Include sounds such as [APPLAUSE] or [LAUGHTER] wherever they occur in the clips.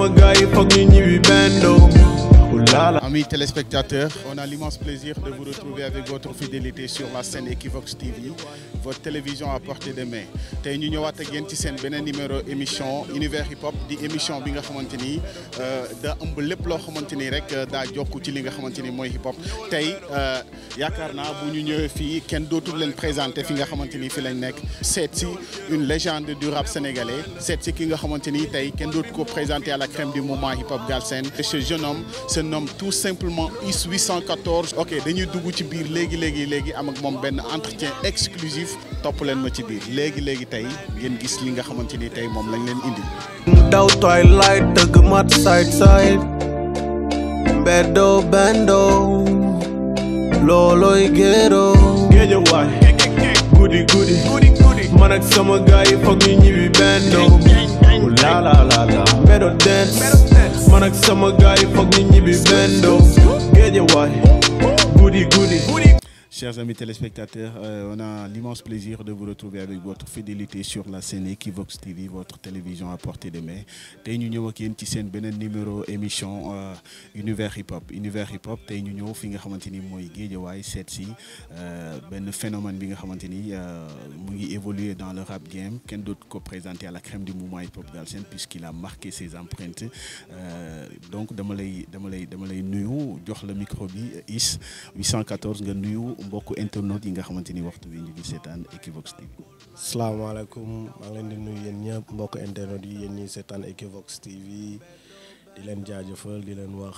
sama gaay yi foog ñu amis téléspectateurs, on a plaisir de vous retrouver avec votre fidélité sur la scène Equivox TV, votre télévision à de main. tey ñu ñëwaat ak yéen ci seen beneen numéro émission univers hip hop di émission bi nga xamante ni euh, da ëmb lépp loo xamante ni rek euh, daa jokk ci li nga xamante ni mooy hip hop tey euh, yaakaar naa bu ñu ñëwee fii kenn dootul leen présenté fi nga xamante ni fi lañ nekk seet si une légende du rap sénégalais seet ki nga xamante ni tey kenn dootu ko présenté à la crème du moment hip hop simplement IS 814. ok dañuy dugg ci biir léegi léegi léegi am ak moom benn entretien exclusif topp leen ma ci biir léegi léegi tey ngeen gis li nga xamante ni tey moom lañ leen indi. daw tooy light dëgg mat side side mbeddoo bendoo loolooy géeroo géejawaay guddi guddi man ak sama gaay yi foog ñu ñibbi la la la la mbedo dance man ak sama gaay yi foog ñu ñibbi bendo géeje waay guddi guddi Chers amis téléspectateurs, euh, on a l'immense plaisir de vous retrouver avec votre fidélité sur la scène Equivox TV, votre télévision à de main tey ñu ñëw ak ci seen beneen numéro émission euh, univers hip hop univers hip hop tey ñu ñëw fi nga xamante ni mooy géejawaay seet si euh, benn phénomène bi nga xamante ni euh, mu ngi évoluer dans le rap game kenn dootu ko présenté à la crème du mouvement hip hop galsen puisqu'il a marqué ses empreintes donc dama lay dama lay dama lay nuyu jox la micro bi is bokk internet yi nga xamante ni waxtu wi ñu ngi seetaan Equivox TV. salaamaaleykum maa ngi leen di nuyu yéen ñëpp mbokku internet yi yéen ñuy seetaan Equivox TV di leen jaajëfal di leen wax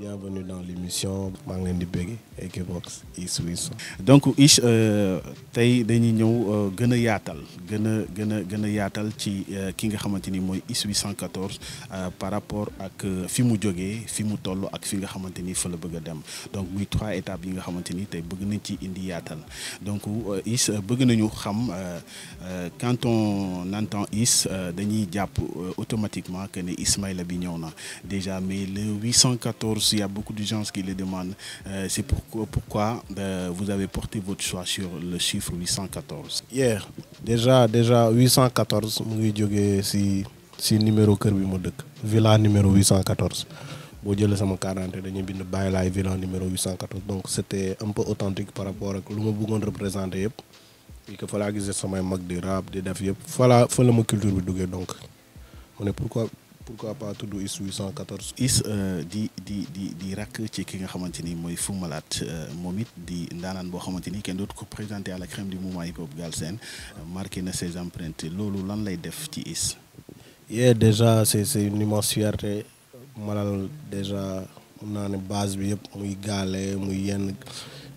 bienvenue dans l'émission maa ngi leen di bëgg Equivox donc Ish euh, tey dañuy ñëw euh, gën a yaatal gën a gën a gën a yaatal ci euh, ki nga xamante ni mooy Ish 814 par rapport ak fi mu jógee fi mu toll ak fi nga xamante ni fa la bëgg a dem donc muy trois étapes yi nga xamante ni tey bëgg nañ ci indi yaatal donc Ish bëgg nañu xam quand on entend Ish dañuy jàpp automatiquement que ne Ismaïla bi ñëw na déjà mais le tous, il y a beaucoup de gens qui le demandent. Euh, c'est pourquoi, pourquoi euh, vous avez porté votre choix sur le chiffre 814. Hier, déjà, déjà 814, si si numéro kër bi ma dëkk villa numéro 814 boo jëlee sama quarante dañuy bind bàyyi laay villa numéro 814 donc c' était un peu authentique par rapport ak lu ma bëggoon représenté yëpp puis que fa gisee samay mag di rap di def yëpp fa la fa la ma culture bi duggee donc mu ne pourquoi pourquoi pas tudd IS 814. IS di di di di rakk ci ki nga xamante ni mooy Fou Malade euh, moom it di ndaanaan boo xamante ni kenn dootu ko présenté à la crème du mouvement hip hop Galsen euh, marqué na ses empreintes loolu lan lay def ci IS. yee déjà c'est c'est une immense fierté Malal déjà mun naa ne base bi yëpp muy gaale mu yenn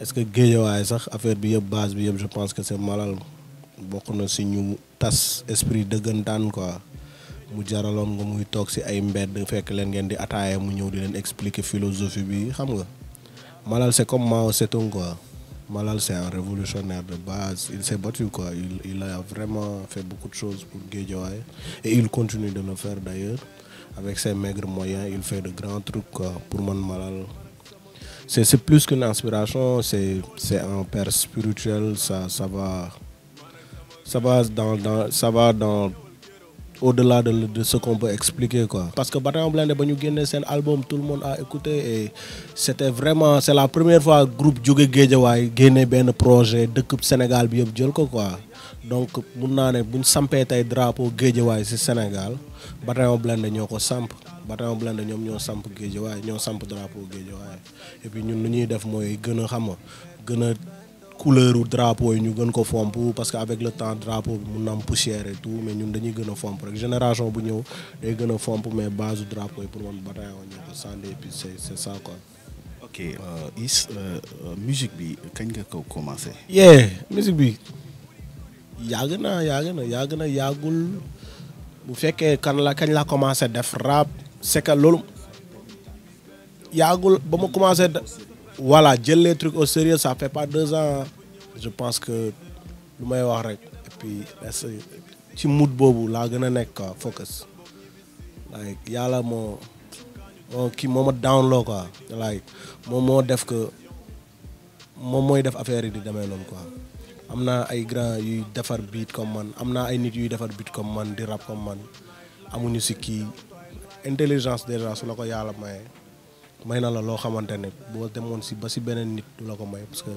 est-ce que géejawaay sax affaire bi yëpp base bi yëpp je pense que c'est Malal bokk na si ñu tas esprit dëggantaan quoi. mu jaraloon nga muy toog si ay mbedd fekk leen ngeen di ataaya mu ñëw di leen expliquer philosophie bi xam nga Malal c'est comme Mao Tse-tung quoi Malal c'est un révolutionnaire de base il s'est battu quoi il a vraiment fait beaucoup de choses pour Guédiawaye et il continue de le faire d'ailleurs avec ses maigres moyens il fait de grands trucs pour man Malal c'est c'est plus qu'une inspiration c'est c'est un perse spirituel ça ça va ça va dans dans ça va dans au-delà de, de ce qu'on peut expliquer quoi. parce que Bataillon Blindé ba ñu génnee seen album tout le monde a écouté et c'était vraiment c'est la première fois groupe jóge Géejawaay génnee benn projet dëkk Sénégal bi yëpp jël ko quoi donc mun naa ne bu ñu sampee tey drapeau Géejawaay ci Sénégal Bataillon Blindé ñoo ko samp Bataillon Blindé ñoom ñoo samp Géejawaay ñoo samp drapeau Géejawaay et ñun lu ñuy def mooy gën a xam couleur u drapeau yi ñu gën ko fomp parce que avec le temps drapeau bi mun na am poussière et mais ñun dañuy gën a fomp rek génération bu ñëw day gën a fomp mais base u drapeau yi pour man bataillon ñu ko sànni euh, euh, euh, bi kañ nga ko commencé. yeah musique bi yàgg na yàgg na yàgg na yàggul bu fekkee kan la kañ la commencé def rap c'est que loolu yàggul ba ma commencé voilà jël les trucs au sérieux ça fait pas ans je pense que lu may wax rek et puis ci mood boobu laa gën a nekk quoi focus like yàlla moo moo kii moo ma download quoi like moom moo def ko moom mooy def affaire yi di demee noonu quoi am naa ay grand yuy defar beat comme man am naa ay nit yuy defar beat comme man di rap comme man amuñu si kii intelligence déjà su la ko yàlla maye may na la loo xamante ne boo demoon si ba si beneen nit du la ko may parce que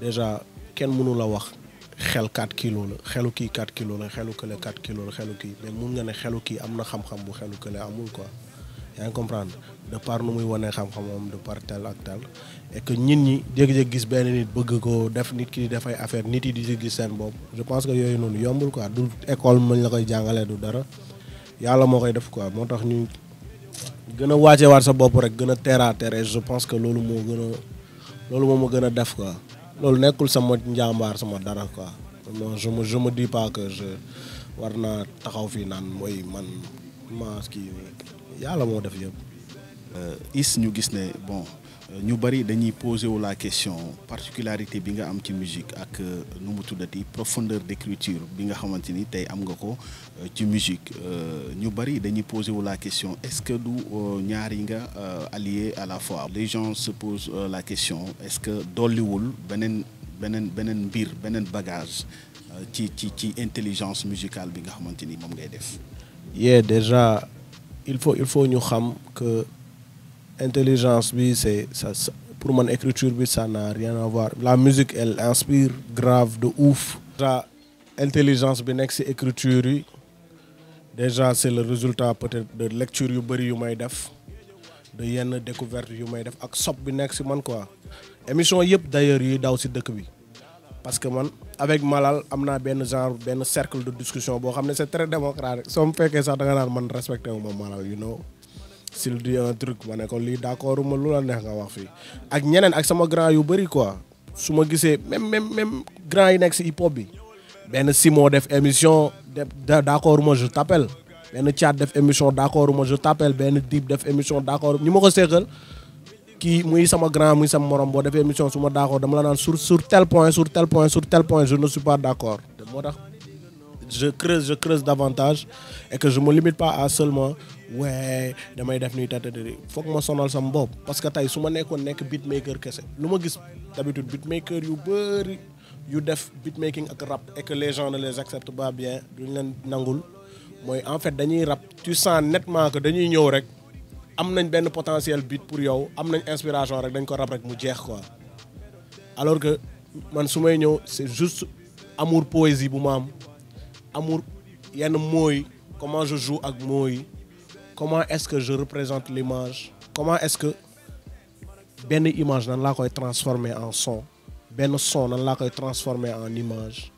déjà kenn mënu la wax xel 4 kilo la xelu kii 4 kilos la xelu kële 4 kilos la xelu mais mun nga ne xelu ki am na xam-xam bu xelu kële amul quoi yaa ngi comprendre de par nu muy wanee xam moom de par tel ak tel et que nit ñi jékki-jékki gis benn nit bëgg ko def nit ki di def ay affaire nit yi di ci gis seen bopp je pense que yooyu noonu yombul quoi du école mañ la koy jàngalee du dara yàlla moo koy def quoi moo tax gën a wàcce waat sa bopp rek gën a terre à je pense que loolu moo gën a loolu moo ma gën a def quoi loolu nekkul sama njàmbaar sama dara quoi non je me je me dis pas que je war naa taxaw fii naan mooy man ma kii yàlla moo def yëpp. Euh, is ñu gis ne bon. ñu bëri dañuy posé wu la question particularité bi nga am ci musique ak euh, nu mu tuddati profondeur d'écriture bi nga xamante ni tey am nga ko euh, ci musique euh, ñu bëri dañuy posé wu la question est-ce que du ñaar yi nga allié à la fois les gens se la question est-ce que dolliwul beneen beneen beneen mbir beneen bagage ci ci ci intelligence musicale bi nga xamante ni moom ngay def. yee déjà il faut il faut ñu xam intelligence bi c'est ça pour man écriture bi ça n'a rien à voir la musique elle inspire grave de ouf déjà intelligence bi nekk ci écriture yi déjà c'est le résultat peut-être de lecture yu bëri yu may def de yenn découverte yu may def ak sob bi nekk si man quoi émission yëpp d'ailleurs yuy daw si dëkk bi parce que man avec Malal am naa benn genre benn cercle de discussion boo xam ne c'est très démocratique soo mu fekkee sax da nga naan man respecté ma Malal you s'il dit un truc ma ne ko lii d'accord ma lu la neex nga wax fii ak ñeneen ak sama grand yu bëri quoi su ma gisee même même même grand yi nekk si hip hop bi benn Simon def émission d'accord ma je t'appelle benn Thiat def émission d'accord ma je t'appelle benn Dip def émission d'accord ñu ma ko seqal kii muy sama grand muy sama morom boo defee émission su ma d'accord dama la naan sur sur tel point sur tel point sur tel point je ne suis pas d'accord moo tax je creuse je creuse davantage et que je à seulement waaye damay def nii tatadari foog ma sonal sam bopp parce que tey su ma nekkoon nekk beatmaker kese lu ma gis d'habitude beatmaker yu bëri yu def beatmaking ak rap et que les gens ne les acceptent pas bien duñ leen nangul mooy en fait dañuy rab tu sens nettement que dañuy ñëw rek am nañ benn potentiel bit pour yow am nañ inspiration rek dañ ko rab rek mu jeex quoi alors que man su may ñëw c'est juste amour poésie bu ma am amour yenn mooy comment je joue ak mooy comment est-ce que je représente l'image comment est-ce que benn image nan laa koy transformer en son benn son nan laa koy transformer en image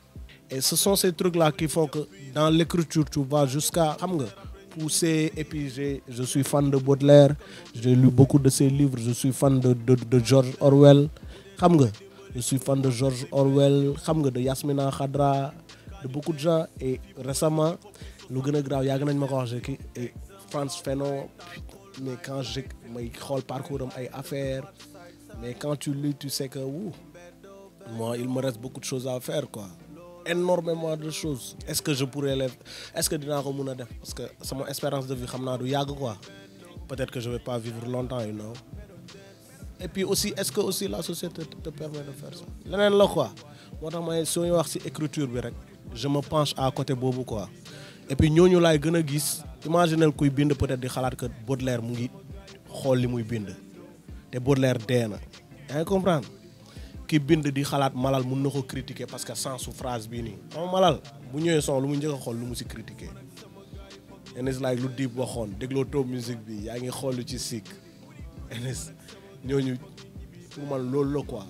et ce sont ces trucs là qui font que dans l'écriture tu vas jusqu'à xam nga pousser et puis j'ai je suis fan de Baudelaire j'ai lu beaucoup de ses livres je suis fan de George Orwell xam nga je suis fan de George Orwell xam nga de Yasmina Khadra de beaucoup de gens et récemment lu gën a grave yàgg nañ ma ko wax Transfeno mais quand je may xool parcours am ay affaires mais quand tu lis tu sais que wuu moi il me reste beaucoup de choses à faire quoi de choses est-ce que je pourrais est-ce que dinaa ko mun a def parce que sama espérance de vie xam na du yàgg quoi peut-être que je vais pas vivre longtemps you know et puis est-ce que aussi la société te permet de faire ça leneen la quoi moo tax may soo ñu wax ci écriture bi rek je me penche à côté boobu quoi et puis ñooñu laay gën a gis imaginel kuy bind peut-être di xalaat que Baudelaire mu ngi xool li muy bind te Baudelaire dee na yaa ngi comprendre ki bind di xalaat malal mun na ko critiquer parce que sans su phrase bii nii xam malal bu ñëwee son lu mu njëkk xool lu mu si critiquer enes like lu diib waxoon dégloo top musique bi yaa ngi xool lu ci sikk enes ñooñu pour man loolu la quoi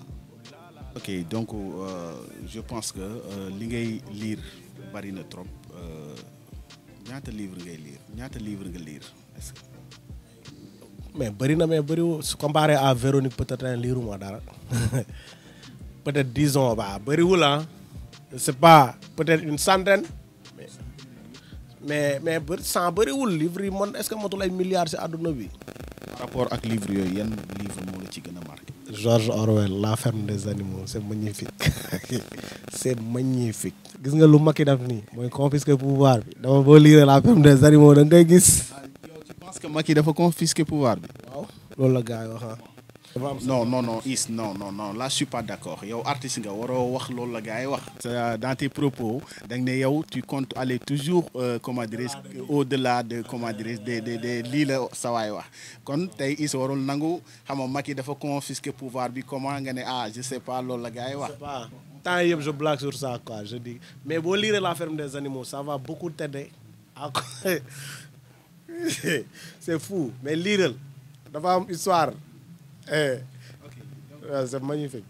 ok donc euh, je pense que euh, li ngay lire bari na trop ñaata livre ngay lire ñaata livre nga lire mais bëri na mais bëriwul su comparé à Véronique peut-être liiru ma dara [LAUGHS] peut-être disons ba bëriwul ah c'est pas peut-être une centaine mais mais mais bëri sans bëriwul livre yi man est-ce que matul ay milliards ci àdduna bi. par rapport ak livre yooyu yan livre moo la ci gën a marqué. George Orwell la ferme des animaux c'est magnifique [LAUGHS] c'est magnifique gis nga lu Macky def nii mooy confisquer pouvoir bi dama boo lire la ferme des animaux da ngay gis. Ah, yow tu penses que Macky dafa confisquer pouvoir bi. loolu la gars yi wax ah. non non non Is non non non là je suis pas d'accord yow artiste nga waroo wax loolu la gars yi wax. Euh, dans tes propos da nga ne yow tu comptes aller toujours euh, comment dirais-je au-delà de comment dirais-je de de de lii la sawaay wax kon tey Is warul nangu xam nga Macky dafa confisquer pouvoir bi comment nga ne ah je sais pas loolu la gars yi wax. temps yëpp je blague sur ça quoi je dis mais boo lire la ferme des animaux ça va beaucoup t'aider ah [LAUGHS] [LAUGHS] c'est fou mais liiral dafa am histoire. eh c'est magnifique.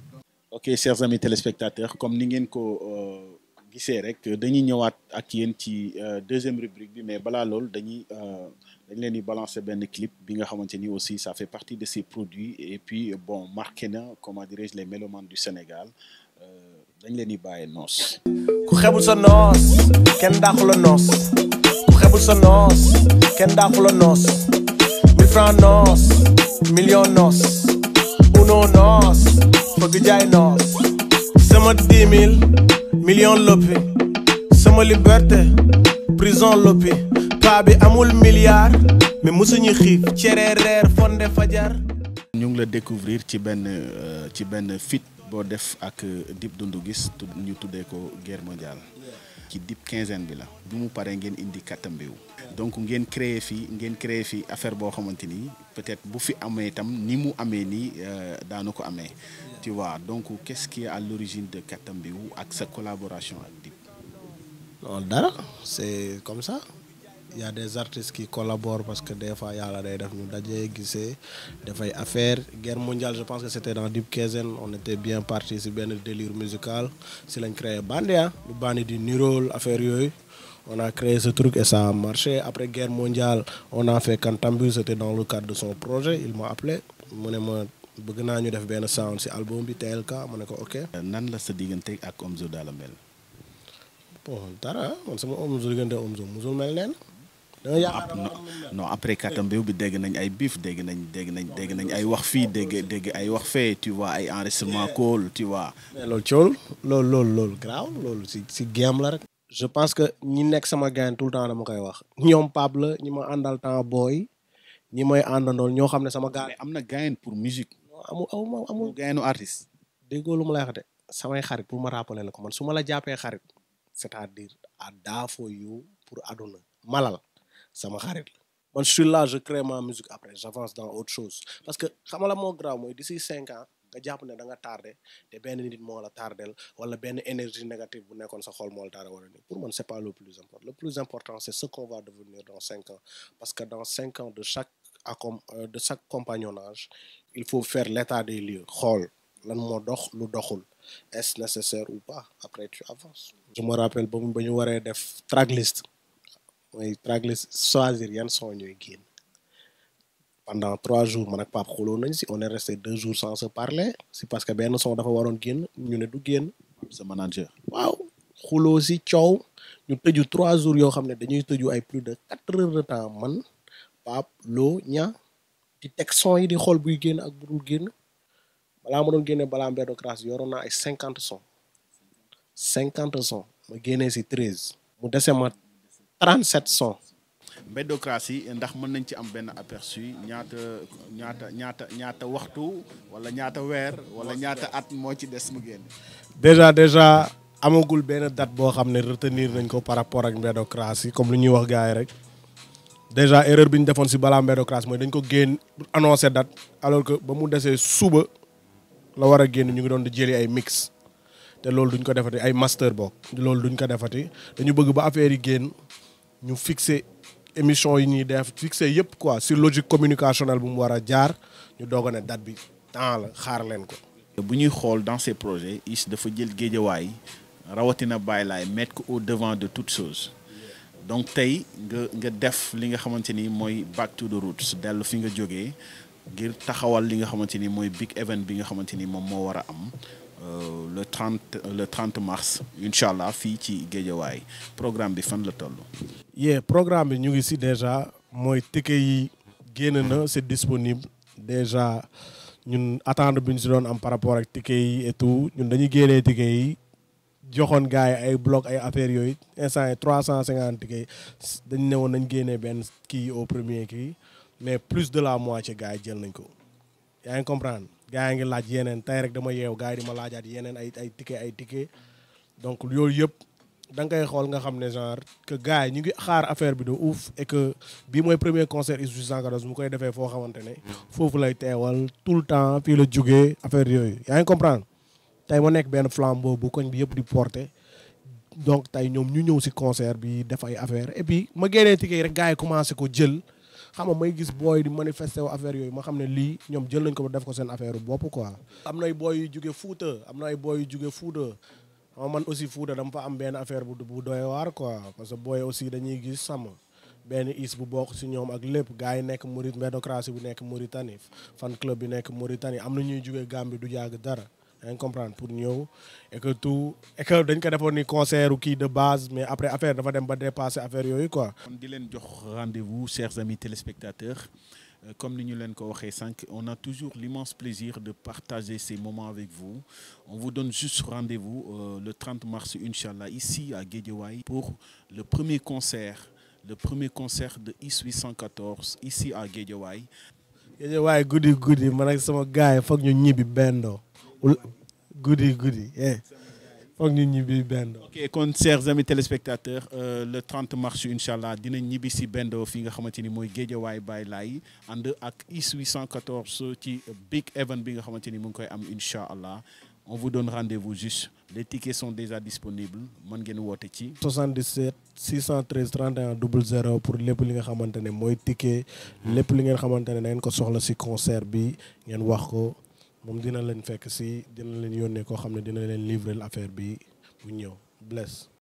ok chers amis téléspectateurs comme ni ngeen ko euh, gisee rek dañuy ñëwaat ak yéen ci euh, deuxième rubrique bi mais balaa loolu dañuy euh, dañ leen di balancer benn clip bi nga xamante ni aussi ça fait partie de ces produits et puis bon marqué na comment dirais-je les mélomanes du Sénégal dañ leen di bàyyi noos. ku xebul sa noos kenn daaxu noos ku xebul sa noos kenn daaxu noos million noos. ñoo noos bëgg jaay noos sama dix mille million loppi sama liberté prison loppi paa bi amul milliard mais mosuñu xiif cere reer fonde fajar ñu ngi la découvrir ci benn euh, ci benn fit boo def ak euh, Dip Doundou Guiss ñu tuddee ko guerre mondiale ci dip quinzaine bi la bu mu paree ngeen indi kattambeewu donc ngeen créer fii ngeen créer fii affaire boo xamante ni peut-être bu fi amee itam ni mu amee nii euh, daanu ko amee tu vois donc qu'est-ce qui est à l'origine de kattambeewu ak sa collaboration ak dip loolu dara c'est comme ça y des artistes qui collaborent parce que des fois yàlla day def ñu dajee gisee dafay affaire guerre mondiale je pense que c'était dans Deep Kezen on était bien parti si benn délire musical si lañ créé Bandia ah, lu bandi di nirool affaire yooyu on a créé ce truc et ça a marché après guerre mondiale on a fait Cantambu c'était dans le cadre de son projet il m'a appelé mu ne ma bëgg naa ñu def benn sound si album bi TLK ma ne ko ok. nan la sa diggante non après Katambéw bi dégg nañ ay biif dégg nañ dégg nañ dégg nañ ay wax fii dégg dégg ay wax fee tu vois ay enregistrement kool loolu cool loolu loolu loolu graaw loolu si si game la rek. je pense que ñi nekk sama gain tout le temps dama koy wax ñoom Pape ñi ma àndal temps booy ñi may àndandool ñoo xam ne sama gain. mais am na gain pour musique. amul amul amul gainu artiste. déggoo lu ma la wax de samay xarit pour ma rappeler la ko man su ma la jàppee xarit c'est-à-dire à daa foo yow pour àdduna malal. sama xarit la man je suis là je crée ma musique dans autre chose parce que xamala moo grave mooy d'ici cinq ans nga jàpp ne da nga tardé benn nit moo la tardel wala benn énergie négative bu nekkoon sa xool moo la tardé wala ni pour man c'est pas le plus important c'est ce qu'on va devenir dans cinq ans parce que dans cinq ans de chaque acom euh, de chaque compagnonnage il faut faire l'état des lieux xool lan moo dox lu doxul est-ce nécessaire ou pas après tu avances je me ba ñu waree def tracklist mooy tracklist choisir yan son ñooy génn pendant trois jours man ak Pape xuloo nañ si on est resté deux jours sans se parler si parce que benn son dafa waroon génn ñu ne du génn. sa manager. waaw xuloo si coow ñu tëju trois jours yoo xam ne dañuy tëju ay plus de quatre heures de temps man Pape loo ña di teg son yi di xool buy génn ak bu dul génn balaa ma doon génne balaa Mbedo Crass yoroon naa ay cinquante son cinquante son ma génnee si treize mu dese 37 sons. Mbédocratie ndax mën nañ ci am benn aperçu ñaata ñaata ñaata ñaata waxtu wala ñaata weer wala ñaata at moo ci des mu génn. déjà déjà amagul benn date boo xam ne retenir nañ ko par rapport ak Mbédocratie comme lu ñuy wax gars yi rek déjà erreur bi ñu defoon si balaa Mbédocratie mooy dañ ko génn annoncé dat alors que ba mu desee suba la war a génn ñu ngi doon di jëli ay mix te loolu duñ ko defati ay master book loolu duñ ko defati dañu bëgg ba affaire yi génn. ñu fixer émission yi ñuy def fixer yëpp quoi sur logique communicationnelle bu mu war a jaar ñu doog a ne date bi temps la xaar leen ko. bu ñuy xool dans ces projets IS dafa jël géejawaay rawatina Baye Laye mettre ko au devant de toutes choses donc tey nga nga def li nga xamante ni mooy back to the roots dellu fi nga jóge ngir taxawal li nga xamante ni mooy big event bi nga xamante ni moom moo war a am. Euh, le 30 le 30 mars incha allah fii ci Géejawaay programme bi fan la toll. yee programme bi ñu ngi si déjà mooy ticket yi génn na c'est disponible déjà ñun attendre bi ñu si doon am par rapport ak ticket yi et ñun dañuy génnee ticket yi joxoon gars yi ay bloc ay affaires yooyu instant yi 350 ticket yi dañu ne woon nañ génne benn kii au premier kii mais plus de la mois gars yi jël nañ ko gaa yi ngi laaj yeneen tey rek dama yeew gaa yi di ma laajaat yeneen ay ay ticket ay ticket donc yooyu yëpp da ngay xool nga xam ne genre que gars yi ñu ngi xaar affaire bi de ouf et bii mooy premier concert Youssou Star 114 mu koy defee foo xamante ne foofu lay teewal tout le temps fii la jógee affaire yooyu yaa ngi comprendre tey ma nekk benn flambeau bu koñ bi yëpp di porter donc tey ñoom ñu ñëw si concert bi def ay affaire et puis ma génnee ticket yi gars yi commencé ko jël xam nga may gis booy di manifester wu affaire yooyu ma xam ne lii ñoom jël nañ ko ba def ko seen affaire bopp quoi. am ay booy yu jóge Fuuta am ay booy yu jóge Fuuta xam man aussi Fuuta dama fa am benn affaire bu bu doy waar quoi parce que booy aussi dañuy gis sama benn is bu bokk si ñoom ak lépp gars yi nekk Maurit métocratie bu nekk Mauritanie fan club bi nekk Mauritanie am na ñuy jóge bi du yàgg dara yaa ngi comprendre pour ñëw et que tout et que dañ ko defoon ni concert kii de base mais après affaire dafa dem ba dépasser affaire yooyu quoi. kon di leen jox rendez-vous chers amis téléspectateurs euh, comme ni ñu leen ko waxee sànq on a toujours l'immense plaisir de partager ces moments avec vous on vous donne juste rendez-vous euh, le 30 mars inchallah ici à Guédiawaye pour le premier concert le premier concert de IS 814 ici à Guédiawaye. Guédiawaye guddi guddi man ak sama gars yi foog ñu ñibbi bendoo guddi guddi eh. foog ñu ñibbi Bendoo. ok kon chers amis téléspectateurs euh, le 30 mars incha allah dinañ ñibbi si Bendoo fi nga xamante ni mooy Géejawaay Baay Laay ànd ak IS 814 ci big event bi nga xamante ni mu ngi koy am incha allah on vous donne rendez-vous juste les tickets sont déjà disponibles mën ngeen woote ci. 77 613 31 00 pour lépp li nga xamante ne mooy ticket lépp li ngeen xamante ne da ngeen ko soxla si concert bi ngeen wax ko. moom dina leen fekk si dina leen yónnee koo xam ne dina leen livrer l'affaire bi bu ñëw bless